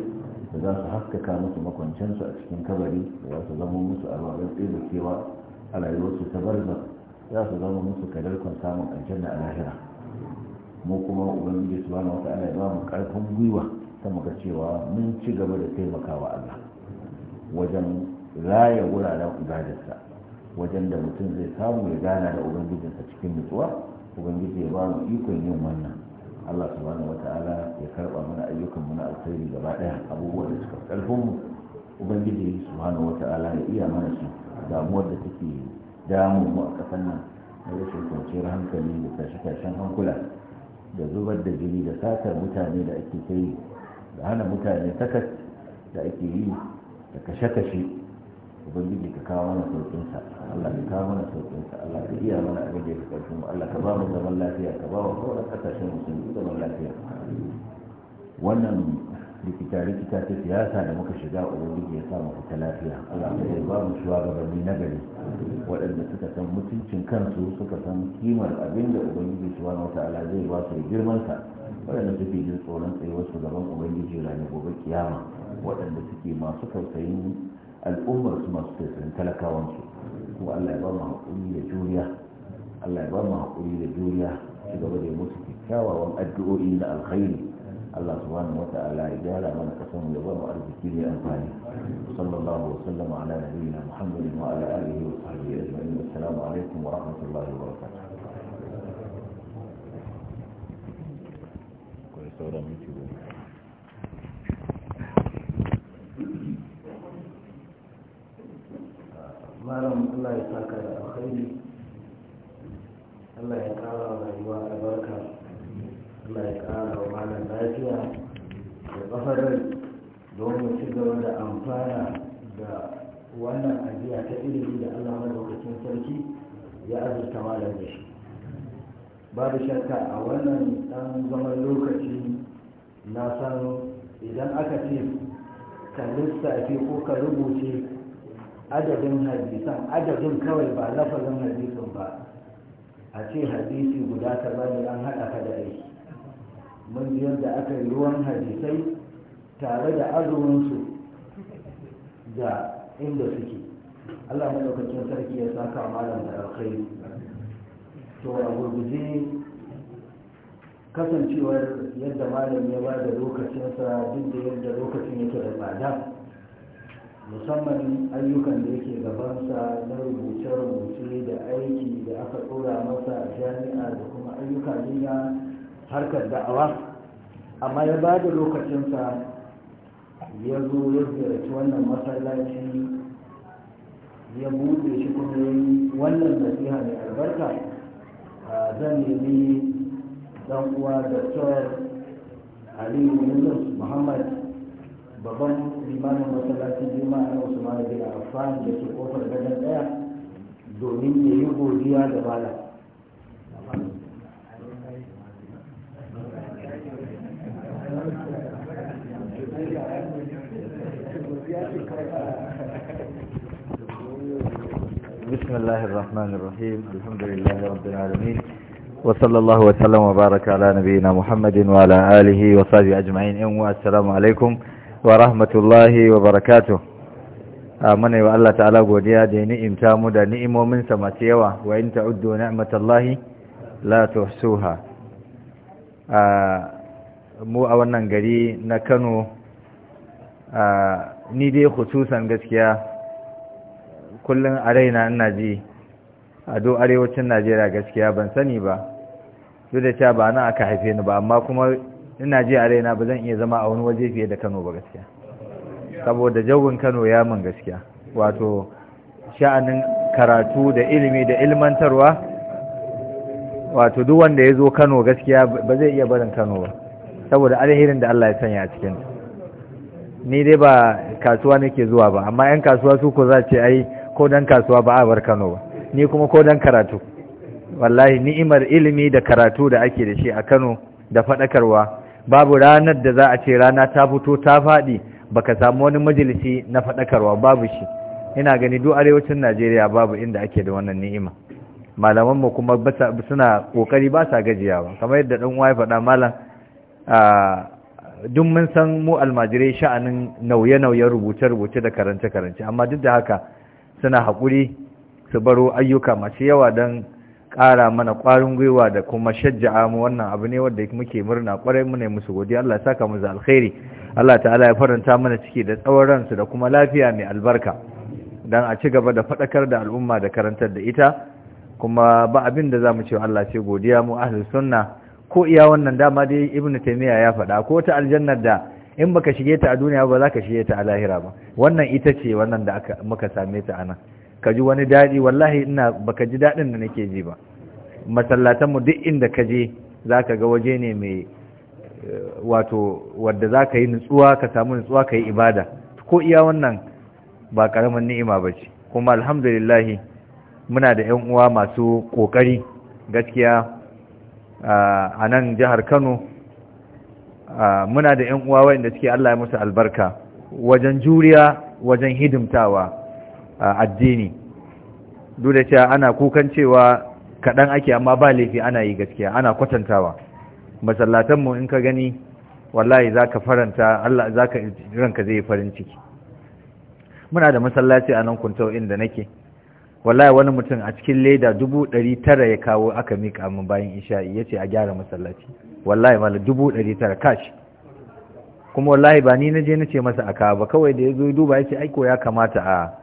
da za su haskaka musu makwancinsu a cikin kabari da za su zama musu alwalar cewa a rayuwarsu ta barza za su zama musu kadarkon samun aljanna a lahira mu kuma ubangiji su wani wata allah ya ba mu karfin gwiwa ta muka cewa mun ci gaba da taimakawa Allah wajen raya wuraren ibadarsa wajen da mutum zai samu ya gana da ubangijinsa cikin nutsuwa ubangiji ya ba mu ikon yin wannan Allah subhanahu wata'ala ya karba mana ayyukan mu na alkhairi gaba daya abubuwan da suka karfin mu ubangiji subhanahu wata'ala ya iya mana su damuwar da take damu mu a kasan nan na rashin kwanciyar hankali da tashi tashen hankula da zubar da jini da satar mutane da ake ta da hana mutane takas da ake yi da kashe-kashe ubangiji ka kawo mana sauƙinsa Allah ka kawo mana sauƙinsa Allah ka iya mana abin da ya karfin Allah ka ba mu zaman lafiya ka ba wa kawai ƙasashen musulmi zaman lafiya wannan rikita-rikita ta siyasa da muka shiga ubangiji ya sa mu fita lafiya Allah ya ba mu shugabanni na gari waɗanda suka san mutuncin kansu suka san kimar abin da ubangiji subhanahu wataala zai ba su da girman sa waɗanda suke jin tsoron tsayuwar su gaban ubangiji ranar gobe kiyama waɗanda suke masu tausayin al'ummar su masu tausayin talakawansu kuma Allah ya ba mu haƙuri da juriya Allah ya ba mu haƙuri da juriya su gaba da musu kyawawan addu'o'i na alkhairi Allah subhanahu wa ta'ala ya gyara mana kasan ya ba mu arziki mai amfani sallallahu wa sallama ala nabiyyina muhammadin wa ala alihi wa sahbihi ajma'in assalamu alaikum wa rahmatullahi wa barakatuh sauran miki malam allah ya saka da alkhairi allah ya kara rayuwa barka allah ya kara wa malam lafiya da kafarar don mu ci gaba da amfana da wannan ajiya ta ilimi da allah lokacin sarki ya azurta malam da shi babu shakka a wannan dan zaman lokaci na san idan aka ce ka lissafi ko ka rubuce adadin hadisan adadin kawai ba lafazin hadisin ba a ce hadisi guda ta bane an haɗa ka da aiki mun ji yadda aka yi ruwan hadisai tare da azuminsu da inda suke allah maɗaukakin sarki ya saka malam da alkhairi to a gurguje kasancewar yadda malam ya ba da lokacinsa duk da yadda lokacin yake da tsada musamman ayyukan da yake gabansa na rubuce-rubuce da aiki da aka tsora masa jami'a da kuma ayyuka ne na harkar da'awa amma ya ba da lokacinsa ya zo ya ziyarci wannan masallaci ya buɗe shi kuma yi wannan nasiha mai albarka zan nemi dan uwa da aliyu yunus muhammad babban limanin masallacin juma'a na usman bin affan da ke kofar gadon daya domin ya yi godiya da بسم الله الرحمن الرحيم الحمد لله رب العالمين وصلى الله وسلم وبارك على نبينا محمد وعلى آله وصحبه أجمعين السلام عليكم wa rahmatullahi wa barakatuh mana yi wa Allah ta'ala godiya da ya ni'imta mu da ni'imominsa masu yawa wa in ta'uddu ni'matallahi la tuhsuha mu a wannan gari na Kano ni dai khususan gaskiya kullum a raina ina ji a do arewacin Najeriya gaskiya ban sani ba duk da cewa ba na aka haife ni ba amma kuma ina ji a raina ba zan iya zama a wani waje fiye da Kano ba gaskiya saboda jawin Kano ya min gaskiya wato sha'anin karatu da ilimi da ilmantarwa wato duk wanda ya zo Kano gaskiya ba zai iya barin Kano ba saboda alherin da Allah ya sanya a cikin ni dai ba kasuwa nake zuwa ba amma yan kasuwa su ko za ce ai ko dan kasuwa ba a bar Kano ba ni kuma ko dan karatu wallahi ni'imar ilimi da karatu da ake da shi a Kano da faɗakarwa babu ranar da za a ce rana ta fito ta faɗi baka samu wani majalisi na faɗakarwa babu shi ina gani duk arewacin najeriya babu inda ake da wannan ni'ima mu kuma suna kokari ba sa ba kamar yadda ɗan uwa ya faɗa malam duk mun san mu almajirai sha'anin nauye nauye rubuce-rubuce da karance-karance amma duk da haka suna haƙuri su baro ayyuka masu yawa don ƙara mana ƙwarin gwiwa da kuma shajja'a mu wannan abu ne wanda muke murna ƙwarai mu ne musu godiya Allah ya saka mu za alkhairi Allah ta'ala ya faranta mana ciki da tsawon ransu da kuma lafiya mai albarka dan a ci gaba da faɗakar da al'umma da karantar da ita kuma ba abin da zamu ce Allah ce godiya mu ahlus sunna ko iya wannan dama dai ibnu taymiya ya faɗa ko ta aljannar da in baka shige ta a duniya ba za ka shige ta a lahira ba wannan ita ce wannan da muka same ta anan ka ji wani daɗi wallahi ina baka ji daɗin da nake ji ba masallatanmu duk inda ka je za ka ga waje ne mai eh, wato wadda za ka yi nutsuwa ka samu nutsuwa ka yi ibada ko iya wannan ba ƙaramin ni'ima ba ce kuma alhamdulillahi muna da 'yan uwa masu ƙoƙari gaskiya a nan jihar kano muna da 'yan uwa wayanda suke allah ya musu albarka wajen juriya wajen hidimtawa addini duk da cewa ana kukan cewa kaɗan ake amma ba laifi ana yi gaskiya ana kwatantawa masallatanmu in ka gani wallahi za ka faranta Allah za ka ranka zai farin ciki muna da masallaci a nan kuntau inda nake wallahi wani mutum a cikin leda dubu ɗari tara ya kawo aka miƙa min bayan isha'i ya ce a gyara masallaci wallahi mala dubu ɗari tara kashi kuma wallahi ba ni na je na ce masa a kawo ba kawai da ya zo duba ya ce aiko ya kamata a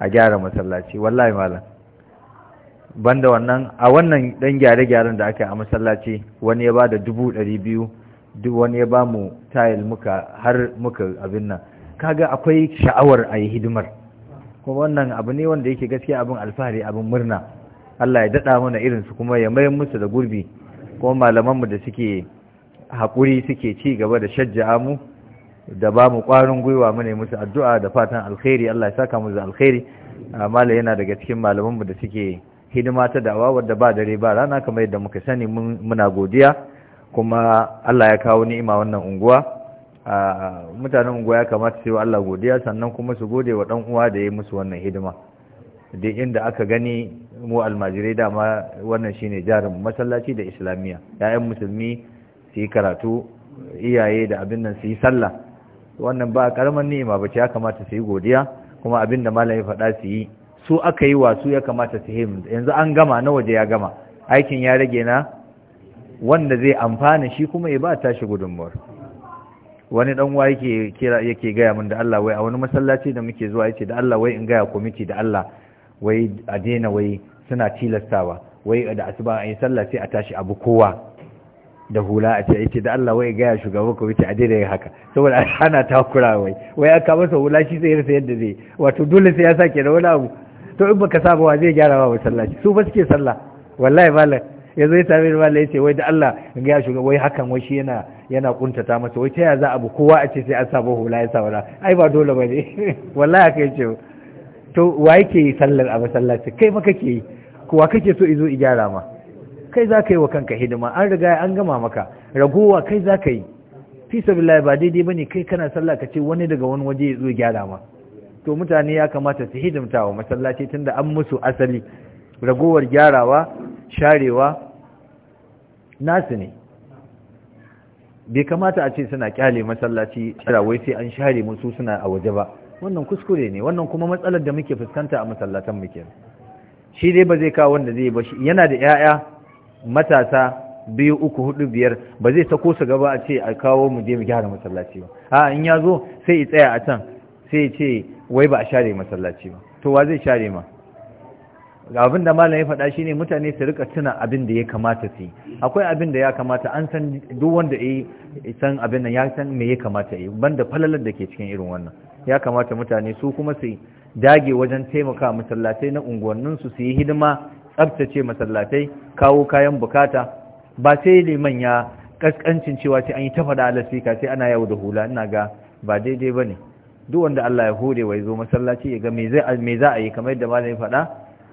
a gyara masallaci wallahi malam banda wannan a wannan dan gyare-gyaren da aka yi a masallaci wani ya ba da dubu ɗari biyu duk wani ya ba mu tayil muka har muka abin nan kaga akwai sha'awar a yi hidimar kuma wannan abu ne wanda yake gaskiya abin alfahari abin murna Allah ya daɗa mana irin su kuma ya mayan musu da gurbi kuma malamanmu da suke haƙuri suke ci gaba da shajja'a mu da ba mu ƙwarin gwiwa mu ne musu addu'a da fatan alkhairi Allah ya saka mu da alkhairi mala yana daga cikin mu da suke hidima ta da'awa wadda ba dare ba rana kamar yadda muka sani muna godiya kuma Allah ya kawo ni'ima wannan unguwa mutanen unguwa ya kamata su yi wa Allah godiya sannan kuma su gode wa dan uwa da ya musu wannan hidima Da inda aka gani mu almajirai dama wannan shine jarin masallaci da islamiyya ya'yan musulmi su yi karatu iyaye da abin nan su yi sallah wannan ba karamar ni'ima ba ce ya kamata su yi godiya kuma abin da malam ya faɗa su yi su aka yi wa su ya kamata su yi yanzu an gama na waje ya gama aikin ya rage na wanda zai amfana shi kuma ya ba tashi gudunmuwar wani dan uwa yake gaya min da Allah wai a wani masallaci da muke zuwa yace da Allah wai in gaya komiti da Allah wai a daina wai suna tilastawa wai da asuba a yi sallah sai a tashi abu kowa da hula a ce yace da Allah wai gaya shugaban ka wuce a daidai haka saboda ana takura wai wai aka masa hula shi zai rasa yadda zai wato dole sai ya sake da wani abu to in baka saba wa zai gyara wa masallaci su ba suke sallah wallahi malam yanzu ya sami malam yace wai da Allah gaya shugaban wai hakan wai shi yana yana kuntata masa wai ta ya za abu kowa a ce sai an saba hula ya saura ai ba dole bane wallahi haka yace to wa yi sallar a masallaci kai ma kake yi kuwa kake so izo i gyara ma kai za ka yi wa kanka hidima an riga an gama maka ragowa kai za ka yi fi sabillahi ba daidai ba ne kai kana sallah ka ce wani daga wani waje ya zo gyara ma to mutane ya kamata su hidimta wa masallaci tunda an musu asali ragowar gyarawa sharewa nasu ne bai kamata a ce suna kyale masallaci wai sai an share musu suna a waje ba wannan kuskure ne wannan kuma matsalar da muke fuskanta a masallatan muke shi dai ba zai kawo wanda zai ba shi yana da 'ya'ya matasa biyu uku hudu biyar ba zai ta kosa gaba a ce a kawo mu je mu gyara masallaci ba a in ya zo sai ya tsaya a can sai ya ce wai ba a share masallaci ba to wa zai share ma abin da malam ya faɗa shine mutane su rika tuna abin da ya kamata su yi akwai abin da ya kamata an san duk wanda ya san abin nan ya san me ya kamata yi banda falalar da ke cikin irin wannan ya kamata mutane su kuma su dage wajen taimaka masallatai na unguwanninsu su yi hidima tsabtace masallatai kawo kayan bukata ba sai liman ya kaskancin cewa sai an yi ta faɗa alasika sai ana yau da hula ina ga ba daidai ba ne duk wanda Allah ya hore wa zo masallaci ya ga me za a yi kamar yadda malam ya faɗa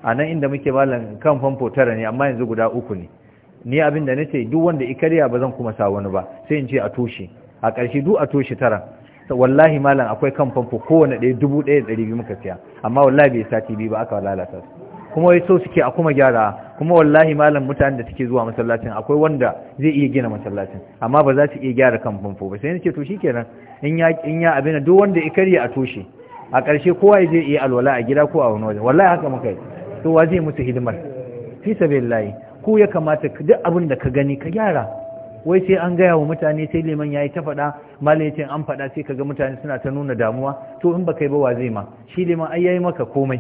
a nan inda muke malam kan famfo tara ne amma yanzu guda uku ne ni abin da nace duk wanda ikariya ba zan kuma sa wani ba sai in ce a toshe a ƙarshe duk a toshe tara wallahi malam akwai kan famfo kowane ɗaya dubu ɗaya da ɗari biyu muka siya amma wallahi bai sati biyu ba aka lalata kuma wai so suke a kuma gyara kuma wallahi malam mutanen da suke zuwa masallacin akwai wanda zai iya gina masallacin amma ba za su iya gyara kan famfo ba sai ce to shikenan in in ya abin duk wanda ya karya a toshe a ƙarshe kowa ya je iya alwala a gida ko a wani waje wallahi haka muka yi to wa zai mutu hidimar fi sabilillahi ku ya kamata duk abin da ka gani ka gyara wai sai an gaya wa mutane sai liman yi ta faɗa malam yace an faɗa sai kaga mutane suna ta nuna damuwa to in ba kai ba wa zai ma shi liman ai yayi maka komai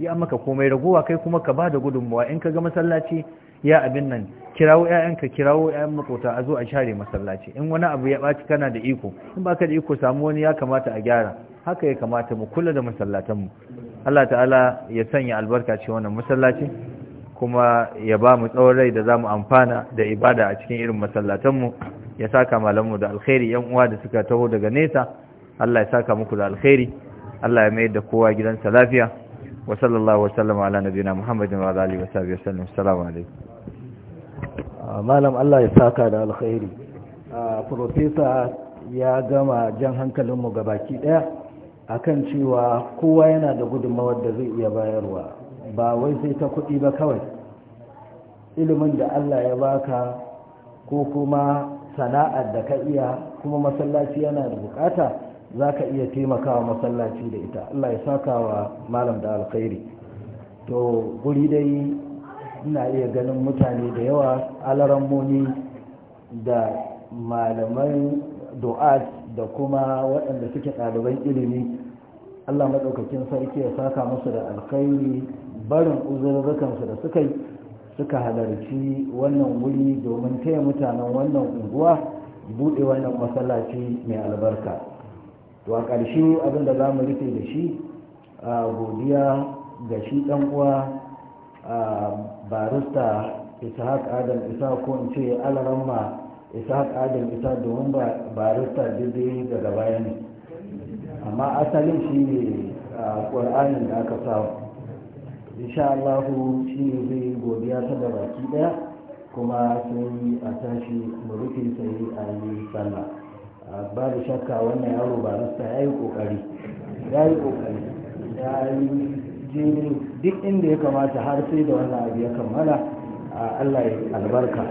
ya maka komai raguwa kai kuma ka ba da gudunmuwa in ka ga masallaci ya abin nan kirawo ƴaƴanka kirawo ƴaƴan makota a zo a share masallaci in wani abu ya ɓaci kana da iko in ba ka da iko samu wani ya kamata a gyara haka ya kamata mu kula da masallatanmu Allah ta'ala ya sanya albarka ce wannan masallaci kuma ya ba mu tsawon rai da za mu amfana da ibada a cikin irin masallatanmu ya saka mu da alkhairi yan uwa da suka taho daga nesa Allah ya saka muku da alkhairi Allah ya mayar da kowa gidansa lafiya wa sallallahu wa ala nabiyina muhammadin wa alihi wa sahbihi wasallam assalamu alaikum ah, malam Allah ya saka da alkhairi ah, profesa ya gama jan hankalin mu gabaki daya akan cewa kowa yana da gudunmawar da zai iya bayarwa ba wai sai ta kuɗi ba kawai ilimin da Allah ya baka ko kuma sana'ar da ka iya kuma masallaci yana da bukata za ka iya taimakawa masallaci da ita allah ya saka wa malam da alkhairi to guri dai ina iya ganin mutane da yawa alarammomi da malaman du'at da kuma waɗanda suke ɗaliban ilimi allah maɗaukakin sarki ya saka musu da alkhairi barin uzurrukansu da suka suka halarci wannan wuri domin taya mutanen wannan unguwa buɗe wannan masallaci mai albarka to a ƙarshe abin da za mu rufe da shi a godiya ga shi ɗan uwa a barista ishaq adam isa ko in ce alaramma ishaq adam isa domin barista daidai daga baya ne amma asalin shi ne a ƙwar'anin da aka samu insha allahu shi ne zai godiya ta da baki ɗaya kuma sai a tashi mu rufe sai a yi sallah babu shakka wannan yaro ba rasta ya yi kokari ya yi kokari ya yi jini duk inda ya kamata har sai da wannan abu ya kammala allah ya albarka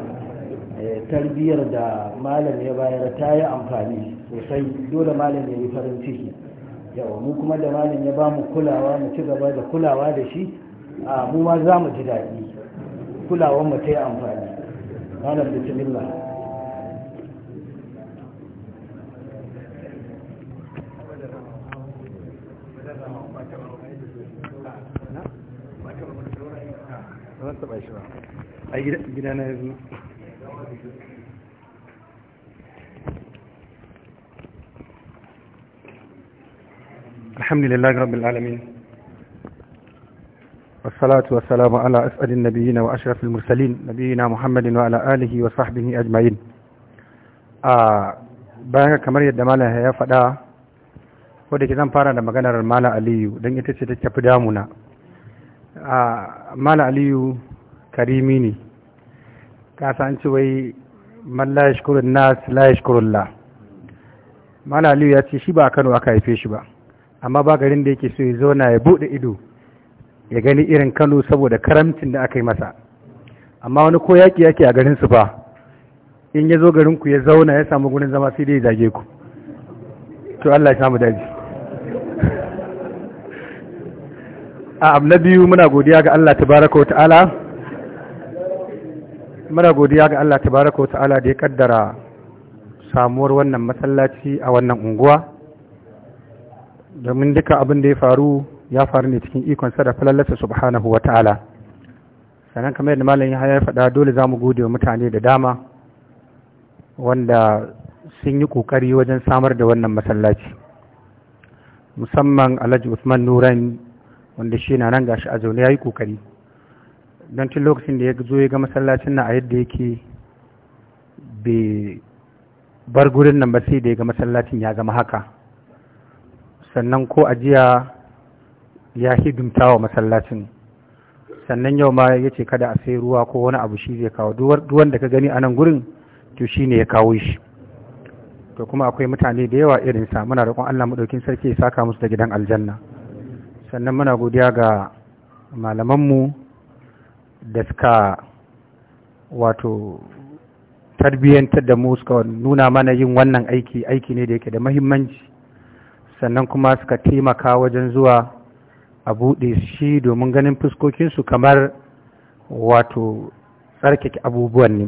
e, tarbiyyar da malam ya bayar ta yi amfani sosai dole malam ya yi farin ciki yawa mu kuma da malam ya ba mu kulawa mu ci gaba da kulawa da shi mu ma za mu ji daɗi kulawar mu ta yi amfani malam bismillah taba shi ba a gida na yanzu alhamdulillah rabbil alamin والصلاة والسلام على أسعد النبيين وأشرف المرسلين نبينا محمد وعلى آله وصحبه أجمعين bayan kamar yadda malam ya faɗa wadda ke zan fara da maganar malam aliyu don ita ce ta tafi damuna malam aliyu karimi ne ka san ci wai man la yashkurun nas la mana aliyu ya ce shi ba a Kano aka haife shi ba amma ba garin da yake so ya zauna ya buɗe ido ya gani irin Kano saboda karamcin da aka yi masa amma wani ko yaki yake a garin su ba in ya zo garin ku ya zauna ya samu gurin zama sai dai zage ku to Allah ya samu daji a abu na biyu muna godiya ga Allah tabaraka wa ta'ala mara godiya ga Allah tabaraka wa ta'ala da ya kaddara samuwar wannan masallaci a wannan unguwa domin duka abin da ya faru ya faru ne cikin sa da falallarsa subhanahu wa ta'ala sannan kamar yadda malam ya faɗa dole za mu gode wa mutane da dama wanda sun yi ƙoƙari wajen samar da wannan masallaci musamman alhaji usman nuran wanda shi na nan gashi a zaune ya yi ƙoƙari don tun lokacin da ya zo ya ga masallacin nan a yadda yake bai bar gurin nan ba sai da ya ga masallacin ya zama haka sannan ko ajiya ya hidimta wa masallacin sannan yau ma ya ce kada a sai ruwa ko wani abu shi zai kawo duwan da ka gani a nan gurin to shi ne ya kawo shi to kuma akwai mutane da yawa irinsa muna roƙon allah maɗaukin sarki ya saka musu da gidan aljanna sannan muna godiya ga malamanmu da suka wato tarbiyyantar da mu suka nuna mana yin wannan aiki aiki ne da yake da mahimmanci sannan kuma suka taimaka wajen zuwa a buɗe shi domin ganin fuskokinsu kamar wato tsarkake abubuwan ne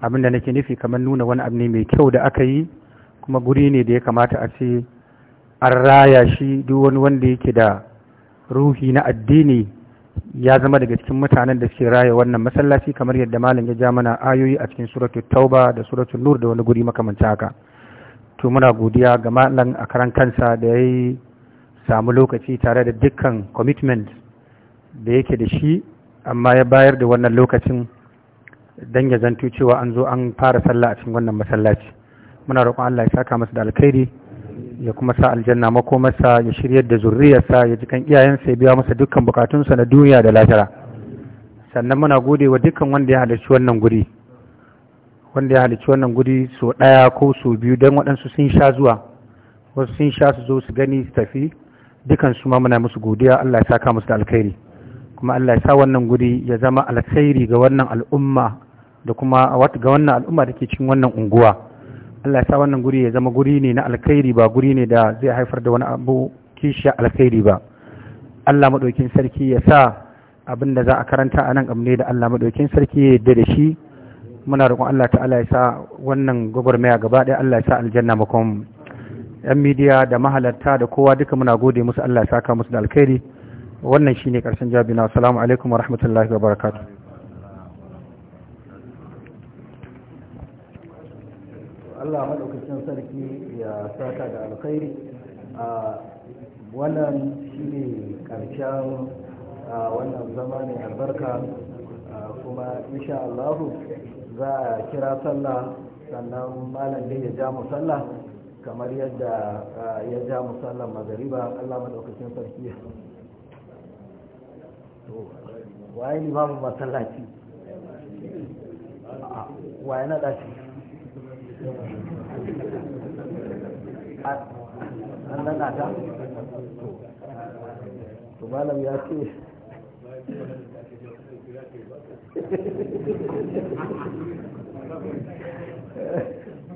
abinda nake nufi kamar nuna wani abu ne mai kyau da aka yi kuma guri ne da ya kamata a ce an raya shi duk wani wanda yake da ruhi na addini ya zama daga cikin mutanen da suke raye wannan masallaci kamar yadda malam ya ja mana ayoyi a cikin suratu tauba da suratu nur da wani guri makamanta haka to muna godiya ga malam a karan kansa da ya yi samu lokaci tare da dukkan commitment da yake da shi amma ya bayar da wannan lokacin don ya zanto cewa an zo an fara sallah a cikin wannan masallaci muna roƙon Allah ya saka masa da alkhairi ya kuma sa aljanna makomarsa ya shiryar da zurriyarsa ya ji kan iyayensa ya biya masa dukkan bukatunsa na duniya da lahira sannan muna gode wa dukkan wanda ya halarci wannan guri wanda ya halarci wannan guri so ɗaya ko so biyu don waɗansu sun sha zuwa wasu sun sha su zo su gani su tafi dukkan su ma muna musu godiya Allah ya saka musu da alkhairi kuma Allah ya sa wannan guri ya zama alkhairi ga wannan al'umma da kuma ga wannan al'umma da ke cikin wannan unguwa Allah sa wannan guri ya zama guri ne na alkhairi ba guri ne da zai haifar da wani abu kishiya alkhairi ba Allah madaukin sarki ya sa abin da za a karanta a nan abu ne da Allah madaukin sarki ya yarda da shi muna roƙon Allah ta'ala ya sa wannan gwagwarmaya gaba ɗaya Allah ya sa aljanna makon yan midiya da mahalarta da kowa duka muna gode musu Allah ya saka musu da alkhairi wannan shine ƙarshen jabi na assalamu alaikum wa rahmatullahi wa barakatuh Allah maɗaukacin sarki ya saka da alkhairi a wannan shi ne ƙarshen wannan zama ne albarka kuma insha Allahu za a kira sallah sannan malam da ya ja mu sallah kamar yadda ya ja mu sallah magariba Allah maɗaukacin sarki ya waye babu masallaci waye na ɗashi an nada ta to malam ya ce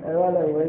ai malam wai